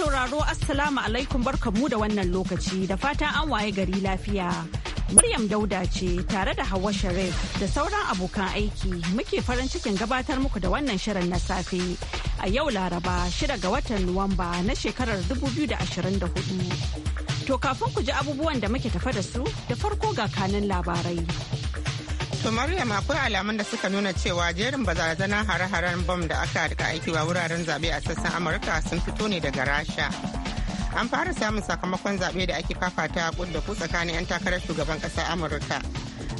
sauraro Assalamu alaikum barkamu da wannan lokaci da fatan an waye gari lafiya. Maryam Dauda ce tare da Hauwa Sharif da sauran abokan aiki muke farin cikin gabatar muku da wannan shirin na safe a yau Laraba 6 ga watan Nuwamba na shekarar 2024. To kafin ku ji abubuwan da muke tafa da su da farko ga kanin labarai. To Maryam akwai alamun da suka nuna cewa jerin barazanar hare-haren bom da aka rika aiki ba wuraren zabe a sassan Amurka sun fito ne daga Rasha. An fara samun sakamakon zabe da ake fafata da ku tsakanin 'yan takarar shugaban ƙasar Amurka.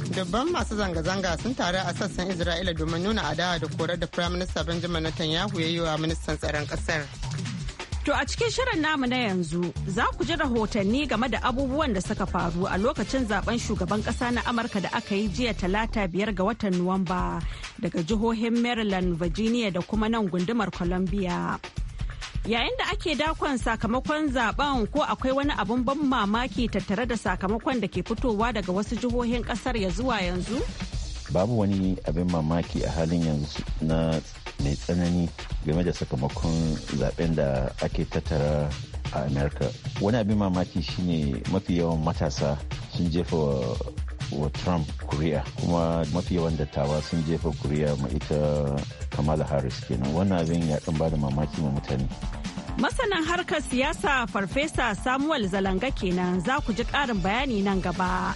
Dubban masu zanga-zanga sun taru a sassan Isra'ila domin nuna adawa da korar da firaminista Benjamin Netanyahu ya yi wa ministan tsaron kasar. To a cikin shirin namu na yanzu za ku ji rahotanni game da abubuwan da suka faru a lokacin zaben shugaban kasa na Amurka da aka yi jiya talata biyar ga watan Nuwamba daga jihohin Maryland, Virginia da kuma nan gundumar Columbia. Yayin da ake dakon sakamakon zaben ko akwai wani abin ban mamaki tattare da sakamakon da ke fitowa daga wasu jihohin kasar ya zuwa yanzu? babu wani abin mamaki a halin yanzu na mai tsanani game da sakamakon zaben da ake tattara a america wani abin mamaki shine mafi yawan matasa sun jefa wa trump kuri'a kuma mafi yawan dattawa sun jefa kuri'a ma ita kamala harris kenan wannan abin ya kan bada mamaki ma mutane masanan harkar siyasa farfesa samuel zalanga kenan za ku ji ƙarin bayani nan gaba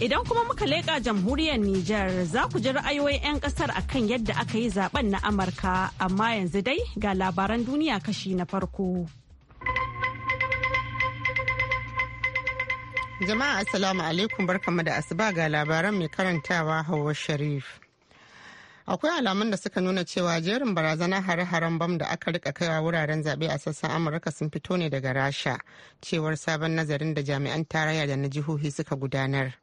Idan kuma muka leƙa jamhuriyar Nijar za ku ji ra'ayoyin 'yan ƙasar kan yadda aka yi zaben na Amurka amma yanzu dai ga labaran duniya kashi na farko. Jama'a Assalamu alaikum barkamu da asuba ga labaran mai karantawa hawa Sharif. akwai alamun da suka nuna cewa jerin barazanar hare-haren bam da aka rika kaiwa wuraren zaɓe a sassan amurka sun fito ne daga rasha cewar sabon nazarin da jami'an tarayya da na jihohi suka gudanar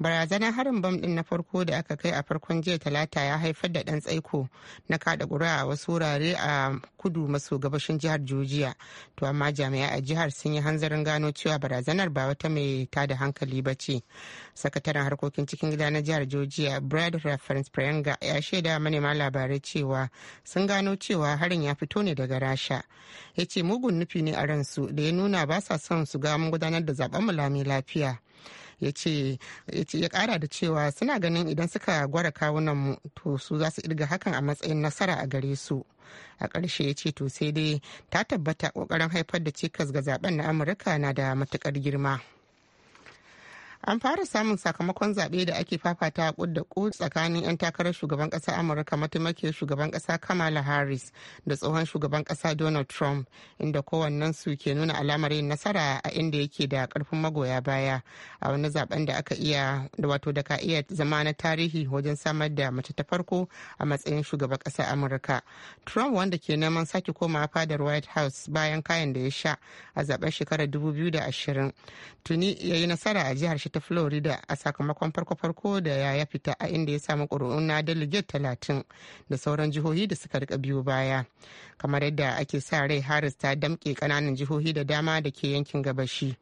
barazanar harin bam din na farko da aka kai a farkon jiya talata ya haifar da dan tsaiko na kada ƙuri'a a wasu wurare a kudu maso gabashin jihar georgia to amma jami'ai a jihar sun yi hanzarin gano cewa barazanar ba wata mai tada hankali ba ce sakataren harkokin cikin gida na jihar georgia brad reference priyanka ya shaida manema labarai cewa sun gano cewa harin ya fito ne daga rasha ya ce mugun nufi ne a ransu da ya nuna ba sa son su ga mun gudanar da zaben mu lami lafiya ya ce ya kara da cewa suna ganin idan suka gwara kawunan mu to su za su irga hakan a matsayin nasara a gare su a ƙarshe ya ce to sai dai ta tabbata ƙoƙarin haifar da cikas ga zaben na amurka na da matuƙar girma an fara samun sakamakon zaɓe da ake fafata a da ku tsakanin 'yan takarar shugaban ƙasa amurka mataimakiyar shugaban ƙasa kamala harris da tsohon shugaban ƙasa donald trump inda su ke nuna alamar yin nasara a inda yake da ƙarfin magoya baya a wani zaben da aka iya da wato da ka iya zama na tarihi wajen samar da mace ta farko a matsayin shugaban ƙasa amurka trump wanda ke neman sake komawa fadar white house bayan kayan da ya sha a zaben shekarar 2020 tuni ya yi nasara a jihar shi ta florida a sakamakon farko-farko da ya ya fita a inda ya samu ƙuri'un na delegate talatin da sauran jihohi da suka rika biyu baya kamar yadda ake sa rai harris ta damƙe ƙananan jihohi da dama da ke yankin gabashi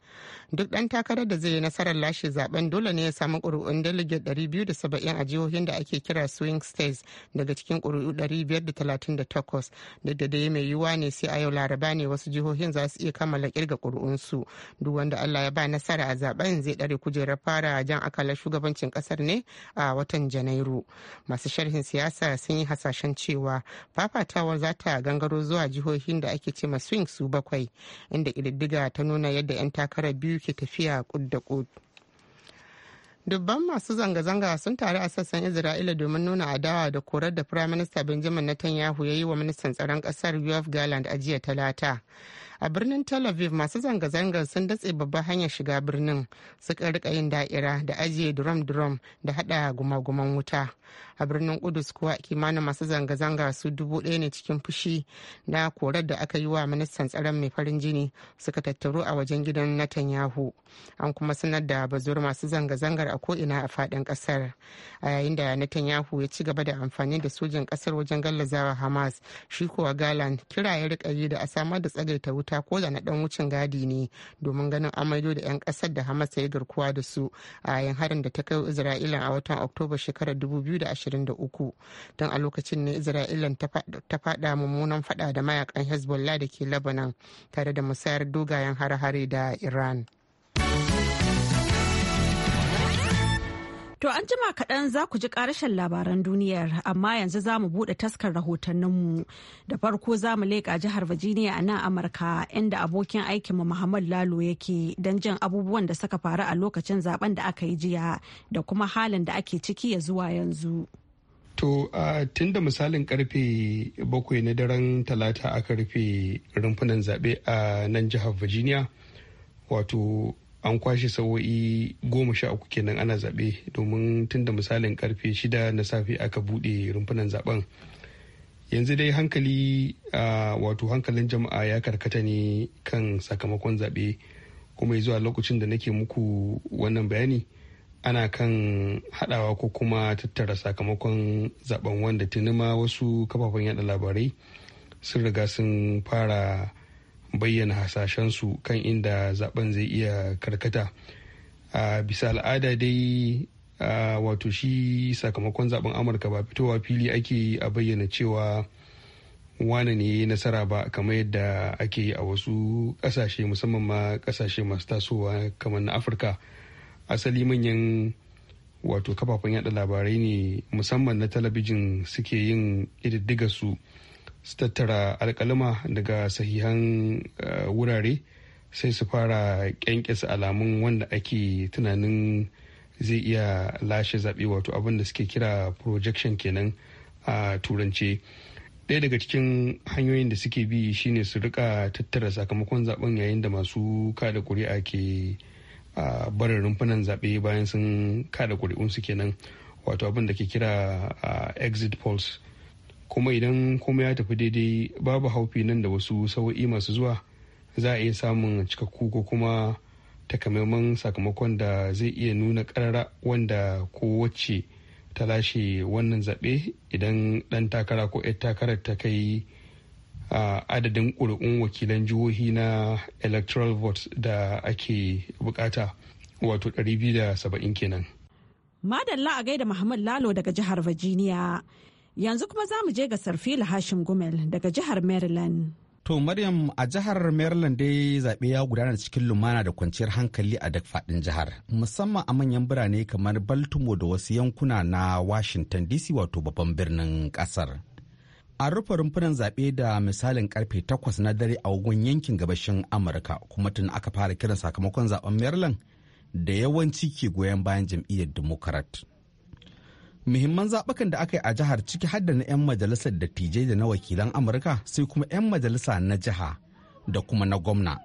duk ɗan takarar da zai yi nasarar lashe zaben dole ne ya samu ƙuri'un delegate saba'in a jihohin da ake kira swing states daga cikin ƙuri'u takwas duk da dai mai yiwuwa ne sai a yau laraba ne wasu jihohin za su iya kammala kirga ƙuri'unsu duk wanda allah ya ba nasara a zaben zai ɗare kujera kujerar fara jan akalar shugabancin kasar ne a watan janairu masu sharhin siyasa sun yi hasashen cewa fafatawar za ta gangaro zuwa jihohin da ake ce swing su bakwai inda ƙididdiga ta nuna yadda 'yan takarar biyu ke tafiya kudda da dubban masu zanga-zanga sun taru a sassan isra'ila domin nuna adawa da korar da firaminista benjamin netanyahu ya yi wa ministan tsaron kasar uf garland a jiya talata a birnin tel aviv masu zanga-zangar sun datse babban hanyar shiga birnin suka rika yin da'ira da ajiye drum-drum da hada guman wuta a birnin kudus kuwa kimanin masu zanga-zanga su dubu ɗaya ne cikin fushi na korar da aka yi wa ministan tsaron mai farin jini suka tattaru a wajen gidan netanyahu an kuma sanar da bazuwar masu zanga-zangar a ko'ina a fadin kasar a yayin da netanyahu ya ci gaba da amfani da sojin kasar wajen gallazawa hamas shi kuwa galan kira ya rika yi da a samar da tsagaita wuta ko da na dan wucin gadi ne domin ganin amaido da 'yan ƙasar da hamas ya yi garkuwa da su a yayin harin da ta kai isra'ila a watan oktoba shekarar ashirin. 2023 don a lokacin ne isra'ila ta fada mummunan fada da mayakan hezbollah da ke lebanon tare da musayar dogayen hare-hare da iran To an jima kaɗan za ku ji ƙarashen labaran duniyar amma yanzu za mu buɗe taskar rahotanninmu da farko za mu leƙa jihar Virginia a nan Amurka inda abokin aikinmu Muhammad Lalo yake don jin abubuwan da suka faru a lokacin zaben da aka yi jiya da kuma halin da ake ciki ya zuwa yanzu. To tun da misalin karfe bakwai na daren talata aka rufe rumfunan zaɓe a nan jihar Virginia wato an kwashe sawo'i goma sha uku kenan ana zaɓe domin tun da misalin karfe shida na safe aka buɗe rumfunan zaɓen. Yanzu dai hankali a wato hankalin jama'a ya karkata ne kan sakamakon zaɓe kuma zuwa lokacin da nake muku wannan bayani. ana kan haɗawa ko kuma tattara sakamakon zaben wanda tunima wasu kafafen yada labarai sun riga sun fara bayyana hasashensu kan inda zaben zai iya karkata a bisa al'ada dai wato shi sakamakon zaben amurka ba fitowa fili ake a bayyana cewa wane ne nasara ba kamar yadda ake yi a wasu ƙasashe musamman ma ƙasashe masu tasowa kamar na afirka asali manyan wato kafafen yada labarai ne musamman na talabijin suke yin ƙididdiga su su tattara alkalima daga sahihan eh, wurare sai su fara kyankyasa alamun wanda ake tunanin zai iya lashe zaɓe wato abin da suke kira projection kenan a turance ɗaya daga cikin hanyoyin da suke bi shine su rika tattara sakamakon zaben yayin da masu kada kuri'a ke a barin rumfunan zaɓe bayan sun kada ƙuri'unsu kenan wato abin da ke kira exit polls kuma idan kuma ya tafi daidai babu haufi nan da wasu sawa'i masu zuwa za a iya samun cikakku ko kuma takamaiman sakamakon da zai iya nuna karara wanda wacce ta lashe wannan zaɓe idan ɗan takara ko 'yar takarar ta kai a adadin ƙuri'un wakilan jihohi na electoral vote da ake bukata wato 270 kenan. Madalla a gaida Muhammad Lalo daga jihar Virginia. Yanzu kuma za mu je ga Sarfila Hashim Gumel daga jihar Maryland. To Maryam a jihar Maryland dai zaɓe ya gudana cikin lumana da kwanciyar hankali a duk faɗin jihar, musamman a manyan birane kamar Baltimore da wasu yankuna na Washington DC wato babban birnin ƙasar. an rufe rumfunan zaɓe da misalin karfe takwas na dare a wagon yankin gabashin amurka kuma tun aka fara kiran sakamakon zaben maryland da yawanci ke goyon bayan jam'iyyar democrat muhimman zaɓukan da aka yi a jihar ciki har da na 'yan majalisar dattijai da na wakilan amurka sai kuma 'yan majalisa na jiha da kuma na gwamna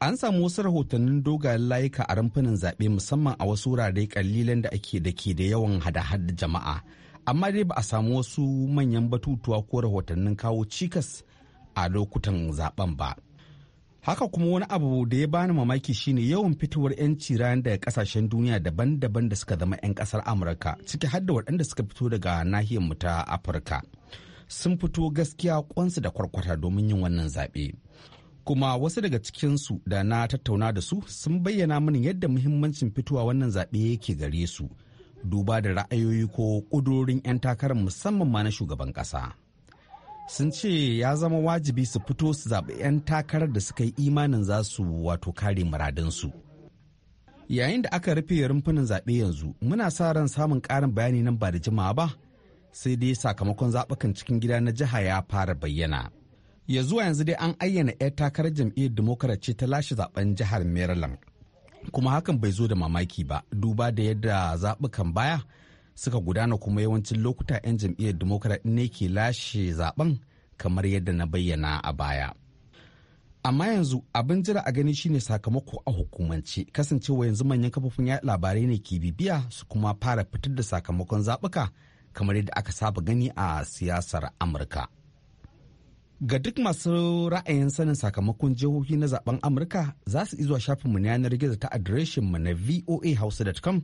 an samu wasu rahotannin dogayen layuka a rumfunan zaɓe musamman a wasu wurare kalilan da ake da ke da yawan hada-hada jama'a amma dai ba a samu wasu manyan batutuwa ko rahotannin kawo cikas a lokutan zaben ba haka kuma wani abu da ya bani mamaki shine yawan fitowar 'yanci ranar daga kasashen duniya daban-daban da suka zama 'yan kasar amurka ciki har da waɗanda suka fito daga nahiyar mu ta afirka sun fito gaskiya kwansu da kwarkwata domin yin wannan zaɓe kuma wasu daga cikinsu da na tattauna da su sun bayyana mini yadda muhimmancin fitowa wannan zaɓe yake gare su duba da ra'ayoyi ko ƙudurorin 'yan takarar musamman ma na shugaban ƙasa. sun ce ya zama wajibi su fito su zaɓi 'yan takarar da suka yi imanin za su wato kare muradinsu. Yayin da aka rufe rumfunan zaɓe yanzu muna sa ran samun ƙarin bayani nan ba da jimawa ba sai dai sakamakon zaɓukan cikin gida na jiha ya fara bayyana. Ya zuwa yanzu dai an ayyana 'yar takarar jam'iyyar Democrat ce ta lashe zaɓen jihar Maryland. kuma hakan bai zo da mamaki ba duba da yadda zaɓukan baya suka gudana kuma yawancin lokuta 'yan jam'iyyar democrat ne ke lashe zaben kamar yadda na bayyana a baya amma yanzu abin jira a gani shine sakamako a hukumance kasancewa yanzu manyan kafofin ya labarai ne ke bibiya su kuma fara fitar da sakamakon zaɓuka kamar yadda aka saba gani a siyasar amurka Ga duk masu ra'ayin sanin sakamakon jihohi na zaben Amurka za su izuwa shafinmu na yanar gizo ta adireshinmu na voahouse.com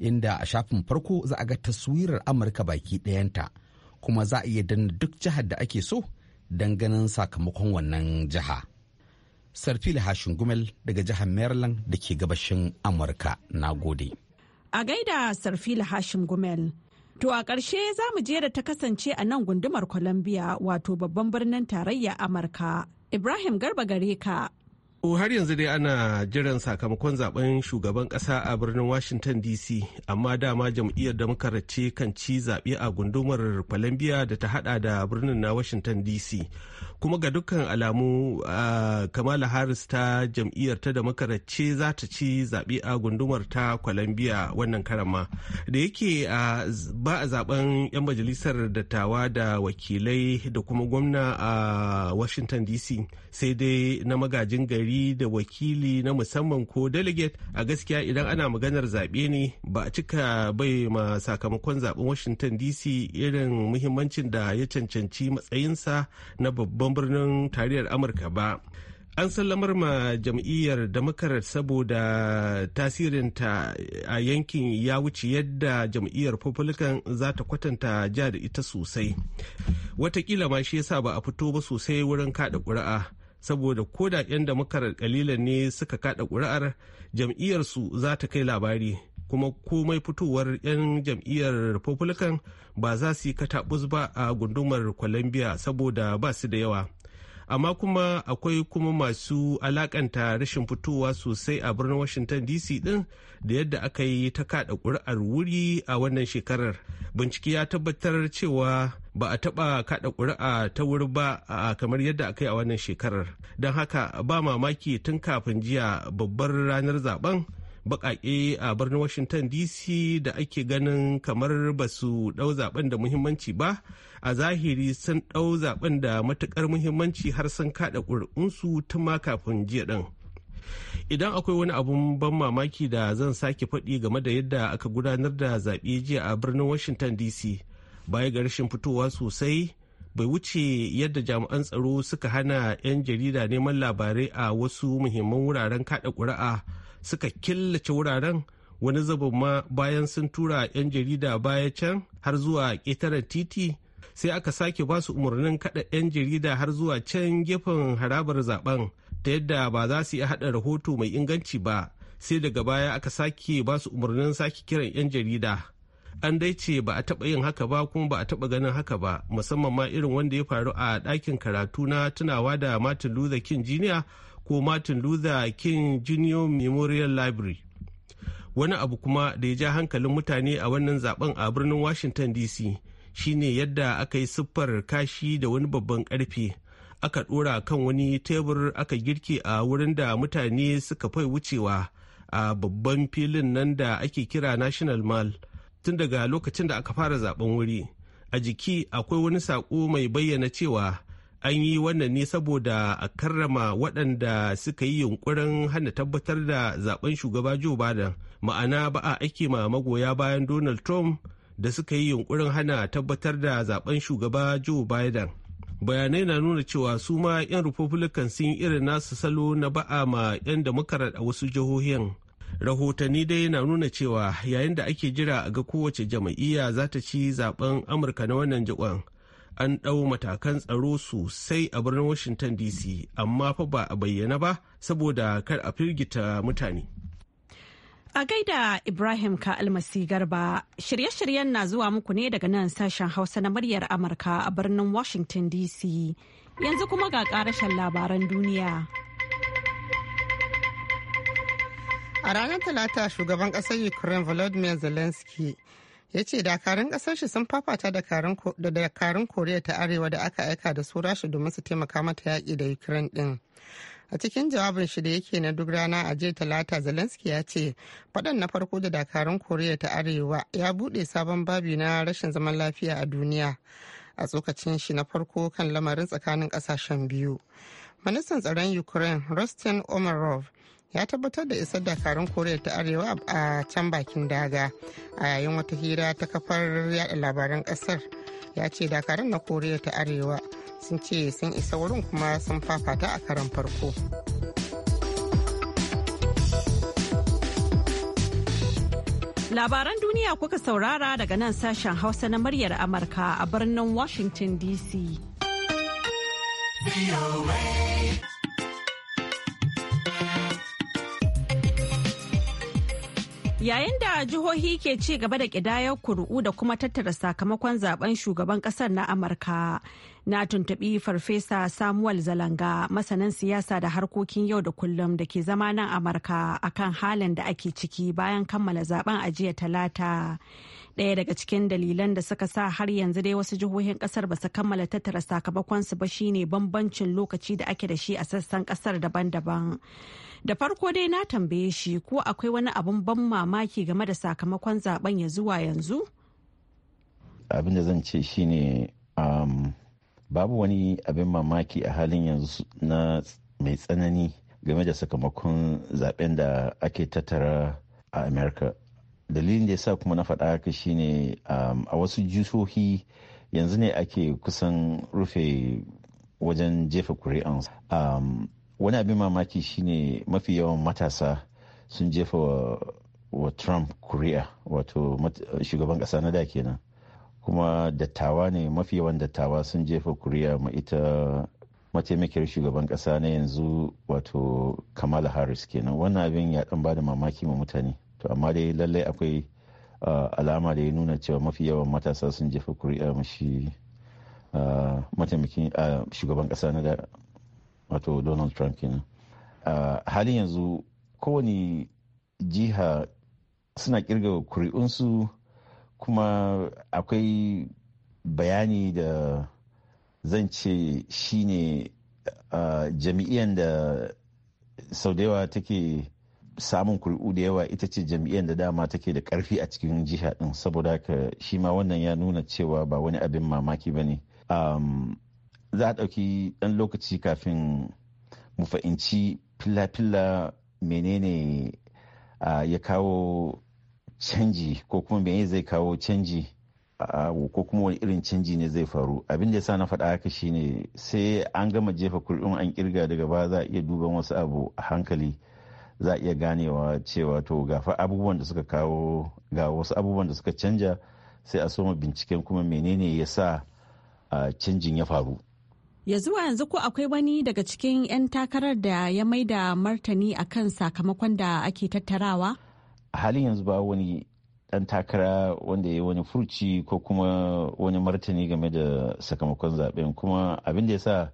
inda a shafin farko za a ga taswirar Amurka baki ɗayanta kuma za a iya danna duk jihar da ake so don ganin sakamakon wannan jiha. Sarfil Hashin Gumel daga jihar Maryland da ke gabashin Amurka. Na gode. A gaida Sarfil Hashim Gumel. To a ƙarshe za mu je da ta kasance a nan gundumar Columbia wato babban birnin tarayya Amurka. Ibrahim Garba gare ka. har yanzu dai ana jiran sakamakon zaben shugaban kasa a birnin washington dc amma dama jam'iyyar da race kan ci zaɓe a gundumar columbia da ta hada da birnin na washington dc kuma ga dukkan alamu kamala harris ta jam'iyyar ta da race za ta ci zaɓe a gundumar ta columbia wannan karama da yake ba a zaben 'yan majalisar dattawa da wakilai da kuma gwamna a washington dc sai dai na magajin gari yi da wakili na musamman ko delegate a gaskiya idan ana maganar zaɓe ne ba a cika bai ma sakamakon zaɓen washington dc irin muhimmancin da ya cancanci matsayinsa na babban birnin tariyar amurka ba an sallamar ma jam'iyyar democrat saboda tasirinta a yankin ya wuce yadda jam'iyyar republican za ta kwatanta ja da ita sosai watakila ma shi yasa ba a fito ba sosai wurin kada ƙuri'a saboda ko da 'yan damakarar kalilan ne suka kada kuri'ar jam'iyyarsu za ta kai labari kuma komai fitowar 'yan jam'iyyar republican ba za su yi kataɓus ba a gundumar columbia saboda ba su da yawa amma kuma akwai kuma masu alakanta rashin fitowa sosai a birnin washington dc din da yadda aka yi ta kada kuri'ar wuri a wannan shekarar bincike ya tabbatar cewa ba a taɓa kaɗa ƙuri'a ta wuri ba kamar yadda aka yi a wannan shekarar don haka ba mamaki tun kafin jiya babbar ranar zaben baƙaƙe a birnin washington dc da ake ganin kamar ba su ɗau zaben da muhimmanci ba a zahiri sun ɗau zaben da matuƙar muhimmanci har sun kaɗa ƙuri'unsu tun ma kafin jiya ɗin idan akwai wani abun ban mamaki da zan sake faɗi game da yadda aka gudanar da zaɓe jiya a birnin washington dc baya ga rashin fitowa sosai bai wuce yadda jami'an tsaro suka hana 'yan jarida neman labarai a wasu muhimman wuraren kada kuri'a suka killace wuraren wani zubin ma bayan sun tura 'yan jarida baya can har zuwa ƙetaren titi sai aka sake ba su umarnin kada 'yan jarida har zuwa can gefen harabar zaben ta yadda ba za su iya haɗa rahoto mai inganci ba sai daga baya aka sake ba su umarnin sake kiran 'yan jarida an dai ce ba a taɓa yin haka ba kuma ba a taɓa ganin haka ba musamman ma irin wanda ya faru a ɗakin karatu na tunawa da martin luther king jr ko martin luther king jr memorial library wani abu kuma da ya ja hankalin mutane a wannan zaben a birnin washington dc shine yadda aka yi siffar kashi da wani babban karfe aka ɗora kan wani tebur aka girke a wurin da mutane suka fai wucewa a babban filin nan da ake kira national mall tun daga lokacin da aka fara zaben wuri a jiki akwai wani saƙo mai bayyana cewa an yi wannan ne saboda a karrama waɗanda suka yi yunkurin hana tabbatar da zaben shugaba joe biden ma'ana ba a ake ma magoya bayan donald trump da suka yi yunkurin hana tabbatar da zaben shugaba joe biden bayanai na nuna cewa su ma 'yan republican sun yi irin nasu salo na ba'a ma 'yan democrat a wasu jihohin rahotanni dai na nuna cewa yayin da ake jira ga kowace jam'iyya za ta ci zaben amurka na wannan jikon an ɗau matakan tsaro sosai a birnin washington dc amma fa ba a bayyana ba saboda kar a firgita mutane a gaida ibrahim ka almasi garba shirye-shiryen na zuwa muku ne daga nan sashen hausa na muryar amurka a birnin washington dc yanzu kuma ga karashen labaran duniya A ranar Talata shugaban ƙasar Ukraine Volodymyr Zelensky ya ce dakarun ƙasar shi sun fafata da dakarun Koriya ta Arewa da aka aika da su rashi domin su taimaka mata yaki da Ukraine ɗin. a cikin jawabin shi da yake na duk rana a jiya talata zelensky ya ce faɗan na farko da dakarun koriya ta arewa ya buɗe sabon babi na rashin zaman lafiya a duniya a tsokacin shi na farko kan lamarin tsakanin ƙasashen biyu ministan tsaron ukraine rustin omarov ya tabbatar da isar dakarun koriya ta arewa a can bakin daga a yayin wata hira ta kafar yada labaran kasar ya ce dakarun na koriya ta arewa sun ce sun isa wurin kuma sun fafata a karan farko labaran duniya kuka saurara daga nan sashen hausa na muryar amurka a birnin washington dc Yayin da jihohi ke ci gaba da ƙidayar kuru'u da kuma tattara sakamakon zaben shugaban ƙasar na Amurka, na tuntuɓi Farfesa Samuel Zalanga, masanin siyasa da harkokin yau da kullum da ke zama nan Amurka akan halin da ake ciki bayan kammala zaben a talata. daya daga cikin dalilan da suka sa har yanzu dai wasu jihohin ƙasar ba su kammala tattara sakamakonsu ba shine bambancin lokaci da ake da shi a sassan ƙasar daban-daban. Da farko dai na tambaye shi ko akwai wani abin ban mamaki game da sakamakon zaben ya zuwa yanzu? Abin da zan ce shine um, babu wani abin mamaki a halin yanzu na mai tsanani game da sakamakon zaben da ake tattara a Amerika. Dalilin da ya sa kuma na faɗa haka shine um, a wasu jihohi yanzu ne ake kusan rufe wajen jefa kuri'ansu um, wani abin mamaki shine mafi yawan matasa sun jefa wa, trump kuri'a wato shugaban kasa na da kenan kuma dattawa ne mafi yawan dattawa sun jefa kuri'a ma ita mataimakiyar shugaban kasa na yanzu wato kamala harris kenan wannan abin ya dan bada mamaki ma mutane to amma dai lallai akwai uh, alama da ya nuna cewa mafi yawan matasa sun jefa kuri'a mashi mataimakin shugaban kasa na da wato donald trump kenan halin yanzu kowani jiha suna kirga kuri'unsu kuma akwai bayani da zan ce shine jami'iyan da sau take samun kuri'u da yawa ita ce jami'iyan da dama take da karfi a cikin jiha din saboda haka shi ma wannan ya nuna cewa ba wani abin mamaki ba ne za a ɗauki ɗan lokaci kafin mu fahimci fila-fila menene ya kawo canji ko kuma menene zai kawo canji ko kuma wani irin canji ne zai faru abin da ya sa na faɗa haka shine sai an gama jefa kuɗin an kirga daga ba za a iya duban wasu abu a hankali za a iya ganewa cewa to gafa abubuwan da suka kawo ga wasu abubuwan da suka canja sai a soma binciken kuma menene ya sa canjin ya faru ya zuwa yanzu ko akwai wani daga cikin 'yan takarar da ya maida martani a kan sakamakon da ake tattarawa a halin yanzu ba wani dan takara wanda ya yi wani furci ko kuma wani martani game da sakamakon zaben kuma abin da ya sa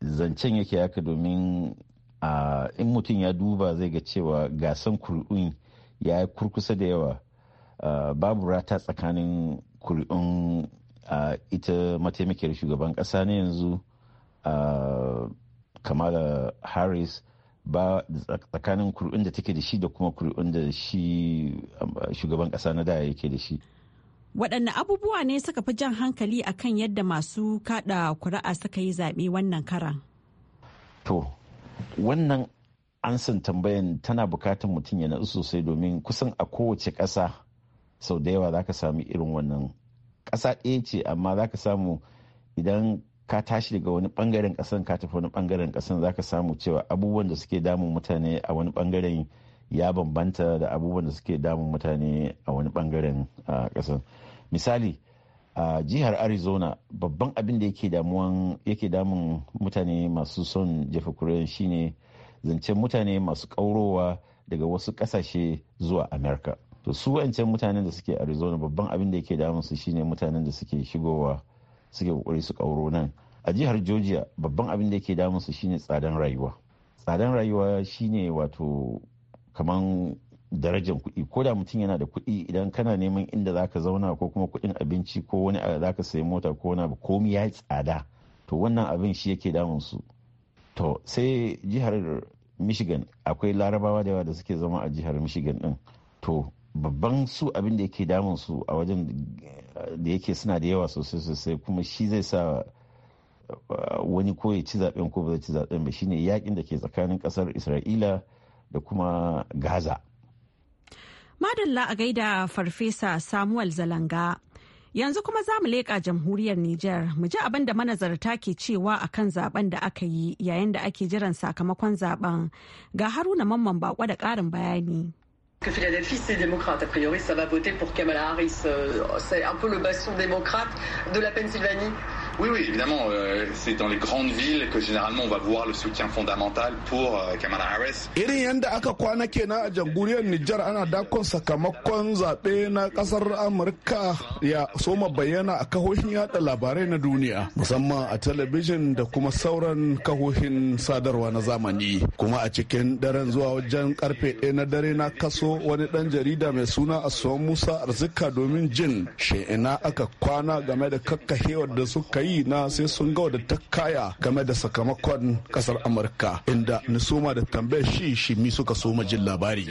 zancen yake haka domin a in mutum ya duba zai ga cewa gasan kuri'un ya yi kurkusa da yawa babu rata tsakanin kuri'un ita mataimakiyar shugaban kasa ne yanzu kamala harris ba tsakanin kuri'un da take da shi da kuma kuri'un da shi um, shugaban kasa na da yake da shi waɗanne abubuwa ne suka fi jan hankali akan yadda masu kada kuri'a suka yi zaɓe wannan karan to wannan an san tambayan tana bukatar mutum ya na'u sosai domin kusan a kowace ƙasa sau da yawa za ka sami irin wannan kasa ɗaya ce amma za ka samu idan ka tashi daga wani bangaren ƙasan ka tafi wani bangaren ƙasan za ka samu cewa abubuwan da suke damun mutane a wani bangaren ya bambanta da abubuwan da suke damun mutane a wani bangaren ƙasan misali a jihar arizona babban abin da yake damun mutane masu son jefa kuriyar shine zancen mutane masu kaurowa daga wasu kasashe zuwa america to su wancan mutanen da suke arizona babban abin da yake damun su shine mutanen da suke shigowa suke kokari su kauro nan a jihar georgia babban abin da yake damun su shine tsadan rayuwa tsadan rayuwa shine wato kaman darajar kuɗi ko da mutum yana da kuɗi idan kana neman inda zaka zauna ko kuma kuɗin abinci ko wani zaka sayi mota ko wani abu komai ya tsada to wannan abin shi yake damun su to sai jihar michigan akwai larabawa da yawa da suke zama a jihar michigan din to babban su abin da yake damun su a wajen eh, da yake suna da yawa sosai sosai kuma shi zai sa eh, wani ko ya ci zaben ko ba zai ci zaben ba shine yakin da ke tsakanin kasar isra'ila da kuma gaza madalla a gaida farfesa samuel zalanga yanzu kuma za mu leƙa jamhuriyar niger mu ji abin da manazarta ke cewa a kan zaben da aka yi yayin da ake jiran sakamakon zaben ga haruna mamman bako da ƙarin bayani Que Philadelphie, c'est démocrate. A priori, ça va voter pour Kamala Harris. Euh, c'est un peu le bastion démocrate de la Pennsylvanie. Oui, oui, évidemment, euh, c'est dans les grandes villes que généralement on va voir le soutien fondamental pour euh, Kamala Harris. Irin yanda aka kwana kenan a jamhuriyar Nijar ana dakon sakamakon zaɓe na ƙasar Amurka ya soma bayyana a kahohin yada labarai na duniya musamman a talabijin da kuma sauran kahohin sadarwa na zamani. Kuma a cikin daren zuwa wajen karfe ɗaya na dare na kaso wani ɗan jarida mai suna Asuwan Musa Arzika domin jin ina aka kwana game da kakkahewar da suka yi yi na sai sun ga da ta kaya game da sakamakon kasar amurka inda nisoma da tambayar shi shimi suka soma jin labari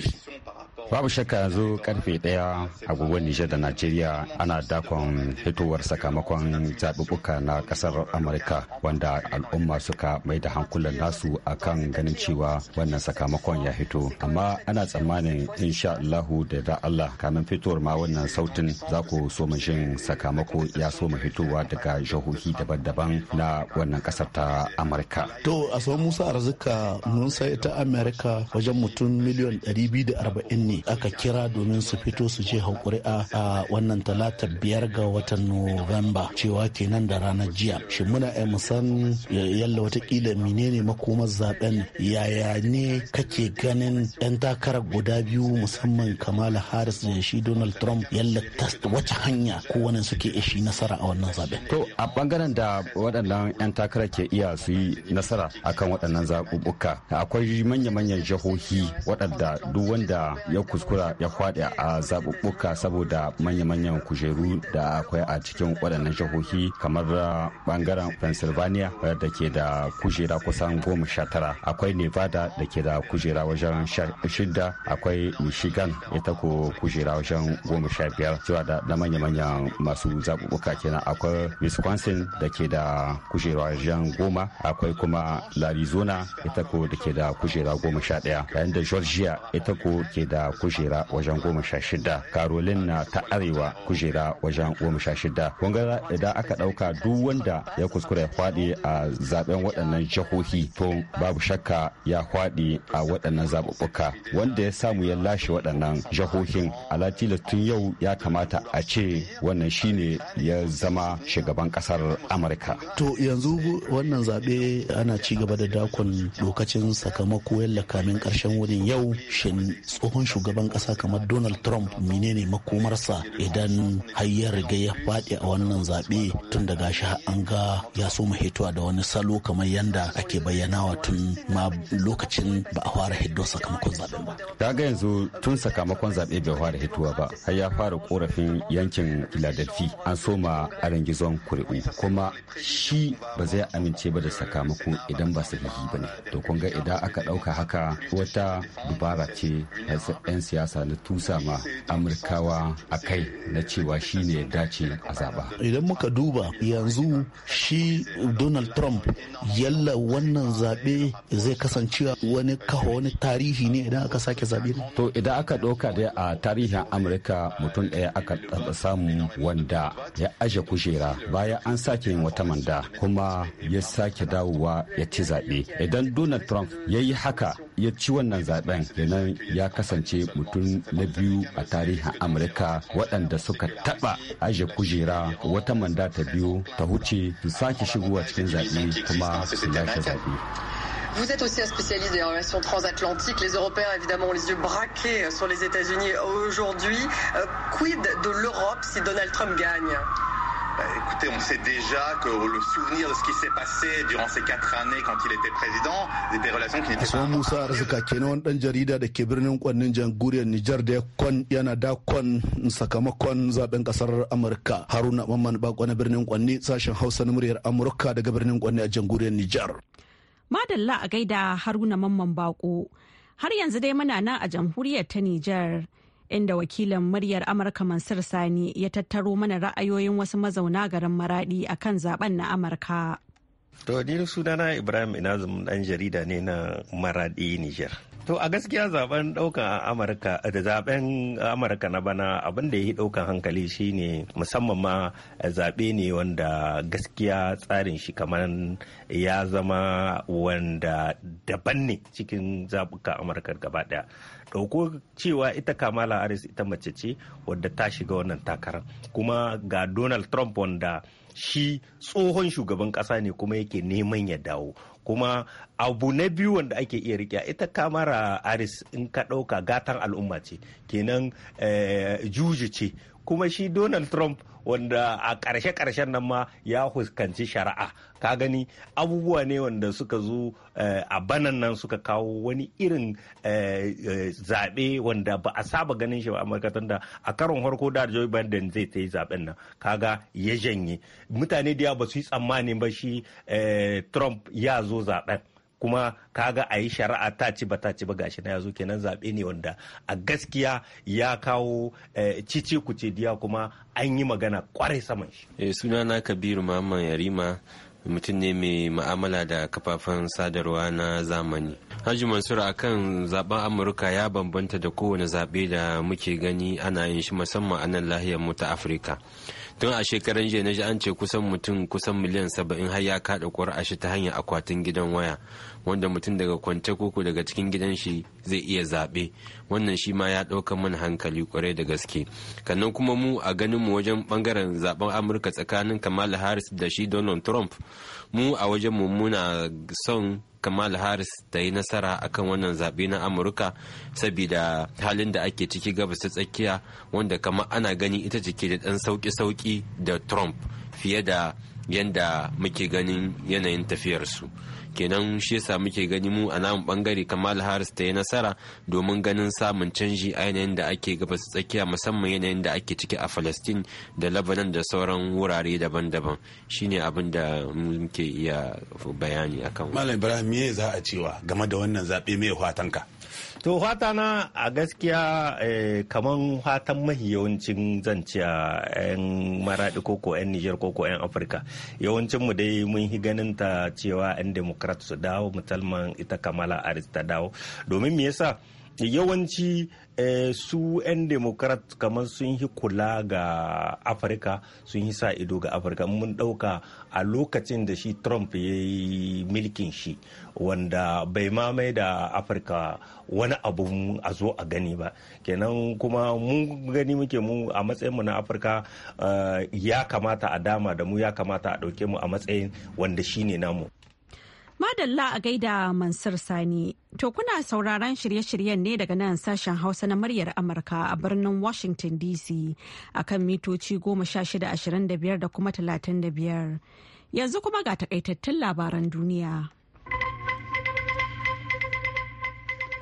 babu shakka yanzu karfe daya agogon nijar da najeriya ana dakon fitowar sakamakon zaɓuɓɓuka na ƙasar amurka wanda al'umma suka mai da hankulan nasu a kan ganin cewa wannan sakamakon ya fito amma ana tsammanin insha allahu da da allah kamin fitowar ma wannan sautin za ku so mu jin sakamako ya so mu fitowa daga jihohi daban-daban na wannan ƙasar ta amurka to a musa arzika mun sai ta amurka wajen mutum biyu da arba'in ne ne aka kira domin su fito su je haƙuri'a a wannan talata biyar ga watan Nuwamba cewa kenan da ranar jiya. Shi muna eh, ya musan yalla watakila menene makomar zaben yaya ne kake ganin 'yan takarar guda biyu musamman Kamala Harris da shi Donald Trump yalla wace hanya kowane suke ishi nasara a wannan zaben. To a bangaren da waɗannan 'yan takara ke iya su yi nasara akan waɗannan zaɓuɓɓuka akwai manya-manyan jihohi waɗanda duk wanda ya kuskura ya kwaɗe a zaɓuɓɓuka saboda manya-manyan kujeru da akwai a cikin waɗannan jihohi kamar bangaren uh, pennsylvania uh, da ke da kujera kusan goma sha tara akwai nevada da ke da kujera wajen shida akwai michigan ita ko kujera wajen goma sha biyar cewa da manya-manyan masu zaɓuɓɓuka kenan akwai wisconsin da ke da kujera wajen goma akwai kuma arizona ita ko da ke da kujera goma sha ɗaya yayin da georgia ita ko ke da kujera wajen goma sha shida na ta arewa kujera wajen goma sha shida kunga idan aka ɗauka duk wanda ya kuskura ya kwaɗe a zaben waɗannan jihohi to babu shakka ya kwaɗe a waɗannan zaɓuɓɓuka wanda ya samu ya lashe waɗannan jihohin alatila tun yau ya kamata a ce wannan shine ya zama shugaban ƙasar amurka to yanzu wannan zaɓe ana ci gaba da dakon lokacin sakamako yalla kamin ƙarshen wurin yau shin tsohon shugaban shugaban ƙasa kamar Donald Trump menene makomarsa idan har ya riga ya faɗi a wannan zaɓe tun da shi an ga ya so hituwa da wani salo kamar yanda ake bayyanawa tun ma lokacin ba a fara hiddo sakamakon zaɓe ba. ga yanzu tun sakamakon zaɓe bai fara hituwa ba har ya fara korafin yankin Philadelphia an soma arin gizon kuri'u kuma shi ba zai amince ba da sakamako idan ba sahihi ba ne. To kun ga idan aka ɗauka haka wata dubara ce 'yan siyasa na tusa ma amurkawa a kai na cewa shi ne dace a zaɓa. idan muka duba yanzu shi donald trump yalla wannan zaɓe zai kasance wani kaho wani tarihi ne idan aka sake zaɓe to idan aka ɗauka dai a tarihin amurka mutum ɗaya aka samu wanda ya aje kujera bayan an sake yin wata manda kuma ya sake dawowa ya ci zaɓe idan donald trump ya yi haka Vous êtes aussi un spécialiste des relations transatlantiques. Les Européens, évidemment, ont les yeux braqués sur les États-Unis aujourd'hui. Euh, quid de l'Europe si Donald Trump gagne écoutez, on sait déjà que le souvenir de ce qui s'est passé durant ces quatre années quand il était président, des relations qui n'étaient pas... Musa Arzika kenan wani dan jarida un ke birnin kwannin jamhuriyar Nijar da kwan yana da kwan sakamakon zaben Kassar Amerika, Haruna Maman Mamman Bako na birnin Kwanni sashen Hausa na muryar Amurka daga birnin Kwanni a jamhuriyar Nijar. Madalla a gaida Haruna Mamman Bako. Har yanzu dai muna nan a jamhuriyar ta Nijar. inda wakilin muryar Amurka Mansur Sani ya tattaro mana ra'ayoyin wasu mazauna garin Maradi kan zaben na Amurka. To ni sunana Ibrahim Inazum dan jarida ne na Maradi Niger. To a gaskiya zaben daukan Amurka da zaben Amurka na bana abin da ya yi daukan hankali shine musamman ma zabe ne wanda gaskiya tsarin shi kamar ya zama wanda daban ne cikin zabuka Amurka gaba daya ɗauko cewa ita kamala harris ita mace ce wadda ta shiga wannan takarar kuma ga donald trump wanda shi tsohon shugaban ƙasa ne kuma yake neman ya dawo kuma abu na biyu wanda ake iya rike ita kamara aris in ka ɗauka gatan al'umma ce kenan eh, juji ce kuma shi donald trump wanda a ƙarshe-ƙarshen nan ma ya fuskanci shari'a ka gani abubuwa ne wanda suka zo eh, a banan nan suka kawo wani irin eh, zaɓe wanda ba a saba ganin shi ba amurka da a karon harko da joe biden zai ta yi zaɓen nan kaga ya janye mutane da ya ba su yi tsammani ba shi trump ya zo zaɓen kuma kaga a yi shari'a ta ci ba ta ci ba gashi na yazo kenan zaɓe ne wanda a gaskiya ya kawo eh, cice ce diya kuma an yi magana kwarai saman shi. E, eh, na kabiru mamman yarima mutum ne mai ma'amala da kafafen sadarwa na zamani haji mansur kan zaben amurka ya bambanta da kowane zaɓe da muke gani ana yin shi musamman a nan lahiyar mu ta afirka tun a shekaran jiya na ji an ce kusan mutum kusan miliyan saba'in har ya kaɗa ƙuri'a shi ta hanyar akwatin gidan waya wanda mutum daga kwance koko daga cikin gidan shi zai iya zaɓe wannan shi ma ya ɗauka mana hankali kwarai da gaske kannan kuma mu a ganin mu wajen ɓangaren zaben amurka tsakanin kamala harris da shi donald trump mu a wajen mu muna son kamala harris ta yi nasara akan wannan zaɓe na amurka saboda halin da ake ciki gabas ta tsakiya wanda kama ana gani ita ce ke da ɗan sauƙi-sauƙi da trump fiye da yadda muke ganin yanayin tafiyarsu kenan shi yasa muke gani mu a namun bangare kamal harris ta yi nasara domin ganin samun canji a yanayin da ake gabas tsakiya musamman yanayin da ake ciki a palestine da lebanon da sauran wurare daban-daban shine abin da muke iya bayani akan malam ibrahim me za a cewa game da wannan zaɓe mai fatanka To fata na a gaskiya eh, kamar fatan mahi yawancin zance a 'yan maraɗi koko 'yan Nijar koko 'yan Afirka. Yawancin mu dai mun yi ganin ta cewa 'yan Democrat su dawo mutalman ita Kamala Harris ta dawo. Domin me yasa yawanci eh, su 'yan democrat kamar sun yi kula ga afirka sun yi sa ido ga afirka mun ɗauka a lokacin da shi trump ya yi milkin shi wanda bai mamaye da afirka wani abu a zo a gani ba kenan kuma mun gani muke mu a matsayinmu na afirka eh, ya kamata a dama da mu ya kamata a ɗauke mu a matsayin wanda shi ne namu Madalla a gaida Mansur Sani. To kuna sauraron shirye-shiryen ne daga nan sashen Hausa na muryar Amurka a birnin Washington DC a kan mitoci 1625 da kuma 35. Yanzu kuma ga takaitattun labaran duniya.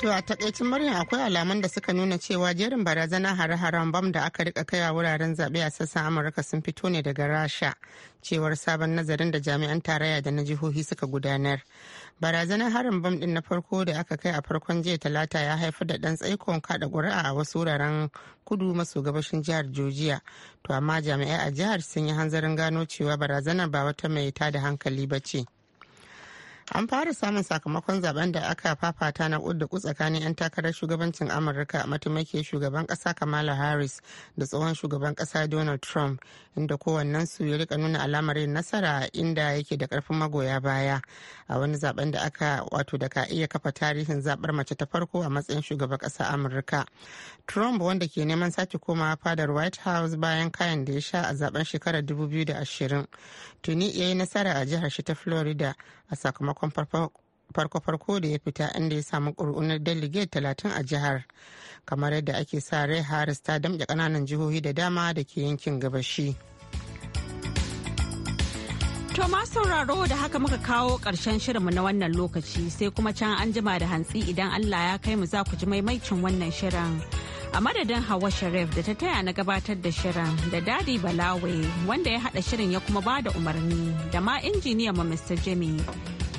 To a takaicin murya akwai alaman da suka nuna cewa jerin barazana hare-haren bam da aka rika kaiwa wuraren zaɓe a sassan Amurka sun fito ne daga Rasha, cewar sabon nazarin da jami'an tarayya da na jihohi suka gudanar. Barazanar harin bam din na farko da aka kai a farkon jiya talata ya haifar da ɗan tsaikon kaɗa ƙuri'a a wasu wuraren kudu maso gabashin jihar Georgia. To amma jami'ai a jihar sun yi hanzarin gano cewa barazanar ba wata mai da hankali ba ce. an fara samun sakamakon zaben da aka fafata na da tsakanin 'yan takarar shugabancin amurka mataimakin shugaban kasa kamala harris da tsohon shugaban kasa donald trump inda kowannensu ya rika nuna alamar yin nasara inda yake da karfin magoya baya a wani zaben da aka wato da ka iya kafa tarihin zabar mace ta farko a matsayin shugaban ƙasa amurka trump wanda ke neman sake koma fadar white house bayan kayan da ya sha a zaben shekarar 2020 tuni ya yi nasara a jihar shi ta florida a sakamakon farko-farko da ya fita inda ya samu ƙuri'unar delegate talatin a jihar kamar yadda ake sa rai harris ta damƙe ƙananan jihohi da dama da ke yankin gabashi. To ma sauraro da haka muka kawo ƙarshen shirinmu na wannan lokaci sai kuma can an jima da hantsi idan Allah ya kai mu za ku ji maimaicin wannan shirin. A madadin Hawa Sharif da ta taya na gabatar da shirin da Dadi Balawe wanda ya haɗa shirin ya kuma ba da umarni da ma injiniyan mu Mr. Jimmy.